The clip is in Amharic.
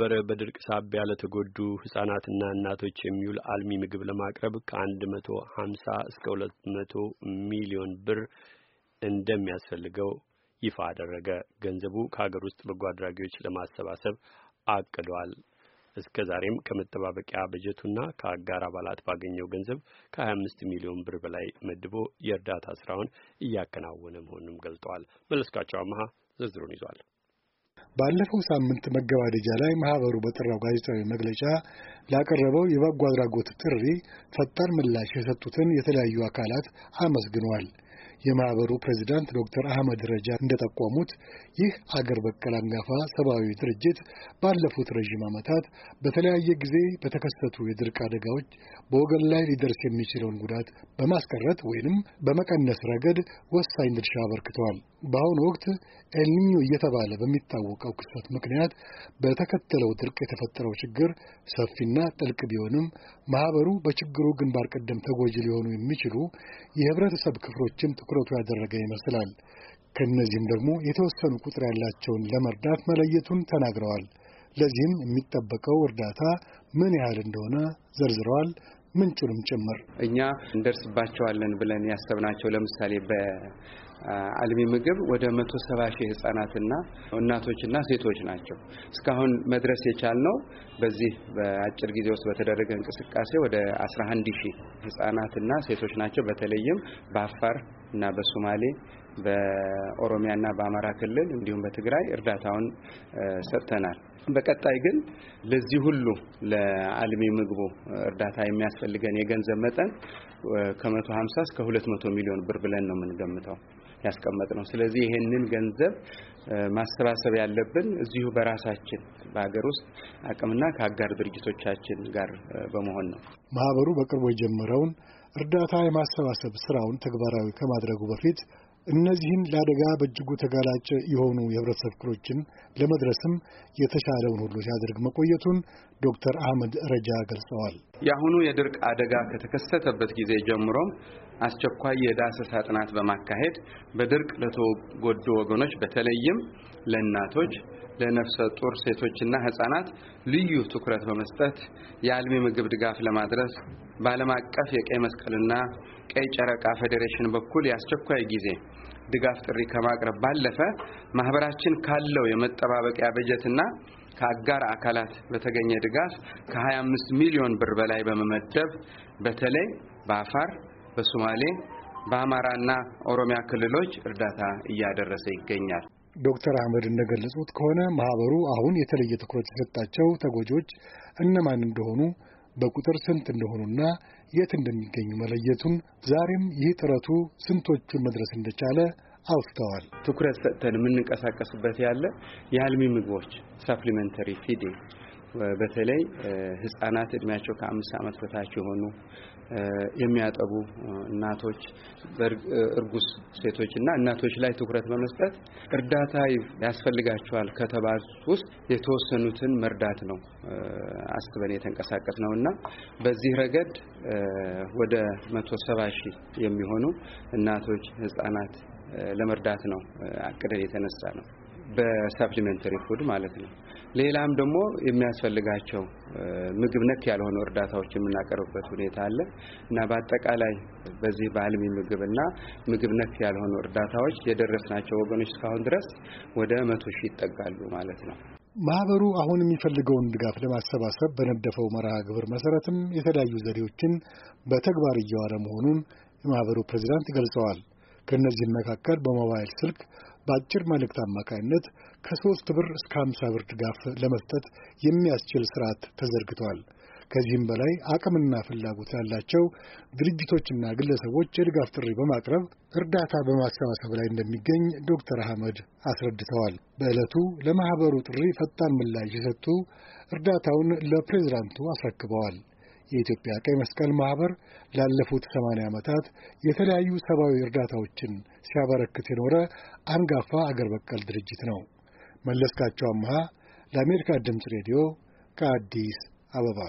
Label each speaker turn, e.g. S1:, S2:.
S1: በረ በድርቅ ሳቢያ ለተጎዱ ህጻናትና እናቶች የሚውል አልሚ ምግብ ለማቅረብ ከ150 እስከ 200 ሚሊዮን ብር እንደሚያስፈልገው ይፋ አደረገ። ገንዘቡ ከሀገር ውስጥ በጎ አድራጊዎች ለማሰባሰብ አቅዷል። እስከ ዛሬም ከመጠባበቂያ በጀቱና ከአጋር አባላት ባገኘው ገንዘብ ከ25 ሚሊዮን ብር በላይ መድቦ የእርዳታ ስራውን እያከናወነ መሆኑንም ገልጠዋል። መለስካቸው አመሃ ዝርዝሩን ይዟል።
S2: ባለፈው ሳምንት መገባደጃ ላይ ማህበሩ በጠራው ጋዜጣዊ መግለጫ ላቀረበው የበጎ አድራጎት ጥሪ ፈጣን ምላሽ የሰጡትን የተለያዩ አካላት አመስግነዋል። የማህበሩ ፕሬዚዳንት ዶክተር አህመድ ረጃ እንደጠቆሙት ይህ አገር በቀል አንጋፋ ሰብአዊ ድርጅት ባለፉት ረዥም ዓመታት በተለያየ ጊዜ በተከሰቱ የድርቅ አደጋዎች በወገን ላይ ሊደርስ የሚችለውን ጉዳት በማስቀረት ወይንም በመቀነስ ረገድ ወሳኝ ድርሻ አበርክተዋል። በአሁኑ ወቅት ኤልኒኞ እየተባለ በሚታወቀው ክስተት ምክንያት በተከተለው ድርቅ የተፈጠረው ችግር ሰፊና ጥልቅ ቢሆንም ማህበሩ በችግሩ ግንባር ቀደም ተጎጂ ሊሆኑ የሚችሉ የህብረተሰብ ክፍሎችን ትኩረቱ ያደረገ ይመስላል። ከእነዚህም ደግሞ የተወሰኑ ቁጥር ያላቸውን ለመርዳት መለየቱን ተናግረዋል። ለዚህም የሚጠበቀው እርዳታ ምን ያህል እንደሆነ ዘርዝረዋል። ምንጩንም ጭምር
S1: እኛ እንደርስባቸዋለን ብለን ያሰብናቸው ለምሳሌ በአልሚ ምግብ ወደ መቶ ሰባ ሺህ ህጻናትና እናቶችና ሴቶች ናቸው። እስካሁን መድረስ የቻልነው በዚህ በአጭር ጊዜ ውስጥ በተደረገ እንቅስቃሴ ወደ 11 ሺህ ህጻናትና ሴቶች ናቸው። በተለይም በአፋር እና በሶማሌ እና በአማራ ክልል እንዲሁም በትግራይ እርዳታውን ሰጥተናል። በቀጣይ ግን ለዚህ ሁሉ ለአልሚ ምግቡ እርዳታ የሚያስፈልገን የገንዘብ መጠን ከ150 እስከ 200 ሚሊዮን ብር ብለን ነው የምንገምተው ያስቀመጥ ነው። ስለዚህ ይሄንን ገንዘብ ማሰባሰብ ያለብን እዚሁ በራሳችን በሀገር ውስጥ አቅምና ከአጋር ድርጅቶቻችን ጋር በመሆን ነው።
S2: ማህበሩ በቅርቡ የጀመረውን እርዳታ የማሰባሰብ ስራውን ተግባራዊ ከማድረጉ በፊት እነዚህን ለአደጋ በእጅጉ ተጋላጭ የሆኑ የህብረተሰብ ክፍሎችን ለመድረስም የተሻለውን ሁሉ ሲያደርግ መቆየቱን ዶክተር አህመድ ረጃ ገልጸዋል።
S1: የአሁኑ የድርቅ አደጋ ከተከሰተበት ጊዜ ጀምሮም አስቸኳይ የዳሰሳ ጥናት በማካሄድ በድርቅ ለተጎዱ ወገኖች በተለይም ለእናቶች፣ ለነፍሰ ጡር ሴቶችና ህጻናት ልዩ ትኩረት በመስጠት የአልሚ ምግብ ድጋፍ ለማድረስ በዓለም አቀፍ የቀይ መስቀልና ቀይ ጨረቃ ፌዴሬሽን በኩል የአስቸኳይ ጊዜ ድጋፍ ጥሪ ከማቅረብ ባለፈ ማህበራችን ካለው የመጠባበቂያ በጀትና ከአጋር አካላት በተገኘ ድጋፍ ከ25 ሚሊዮን ብር በላይ በመመደብ በተለይ በአፋር፣ በሶማሌ፣ በአማራና ኦሮሚያ ክልሎች እርዳታ እያደረሰ ይገኛል።
S2: ዶክተር አህመድ እንደገለጹት ከሆነ ማህበሩ አሁን የተለየ ትኩረት የሰጣቸው ተጎጂዎች እነማን እንደሆኑ በቁጥር ስንት እንደሆኑና የት እንደሚገኙ መለየቱን ዛሬም ይህ ጥረቱ ስንቶቹን መድረስ እንደቻለ አውስተዋል።
S1: ትኩረት ሰጥተን የምንንቀሳቀስበት ያለ የአልሚ ምግቦች ሳፕሊመንተሪ ፊዲንግ በተለይ ህጻናት እድሜያቸው ከአምስት ዓመት በታች የሆኑ የሚያጠቡ እናቶች፣ እርጉዝ ሴቶች እና እናቶች ላይ ትኩረት በመስጠት እርዳታ ያስፈልጋቸዋል ከተባሉት ውስጥ የተወሰኑትን መርዳት ነው አስበን የተንቀሳቀስ ነው እና በዚህ ረገድ ወደ መቶ ሰባ ሺህ የሚሆኑ እናቶች፣ ህጻናት ለመርዳት ነው አቅደን የተነሳ ነው። በሳፕሊመንተሪ ፉድ ማለት ነው። ሌላም ደግሞ የሚያስፈልጋቸው ምግብ ነክ ያልሆኑ እርዳታዎች የምናቀርብበት ሁኔታ አለ እና በአጠቃላይ በዚህ በአልሚ ምግብ እና ምግብ ነክ ያልሆኑ እርዳታዎች የደረስናቸው ወገኖች እስካሁን ድረስ ወደ መቶ ሺህ ይጠጋሉ ማለት ነው።
S2: ማህበሩ አሁን የሚፈልገውን ድጋፍ ለማሰባሰብ በነደፈው መርሃ ግብር መሰረትም የተለያዩ ዘዴዎችን በተግባር እየዋለ መሆኑን የማህበሩ ፕሬዚዳንት ገልጸዋል። ከእነዚህም መካከል በሞባይል ስልክ በአጭር መልእክት አማካኝነት ከሦስት ብር እስከ አምሳ ብር ድጋፍ ለመስጠት የሚያስችል ስርዓት ተዘርግቷል። ከዚህም በላይ አቅምና ፍላጎት ያላቸው ድርጅቶችና ግለሰቦች የድጋፍ ጥሪ በማቅረብ እርዳታ በማሰባሰብ ላይ እንደሚገኝ ዶክተር አህመድ አስረድተዋል። በዕለቱ ለማኅበሩ ጥሪ ፈጣን ምላሽ የሰጡ እርዳታውን ለፕሬዝዳንቱ አስረክበዋል። የኢትዮጵያ ቀይ መስቀል ማኅበር ላለፉት ሰማንያ ዓመታት የተለያዩ ሰብአዊ እርዳታዎችን ሲያበረክት የኖረ አንጋፋ አገር በቀል ድርጅት ነው። መለስካቸው አምሃ ለአሜሪካ ድምፅ ሬዲዮ ከአዲስ አበባ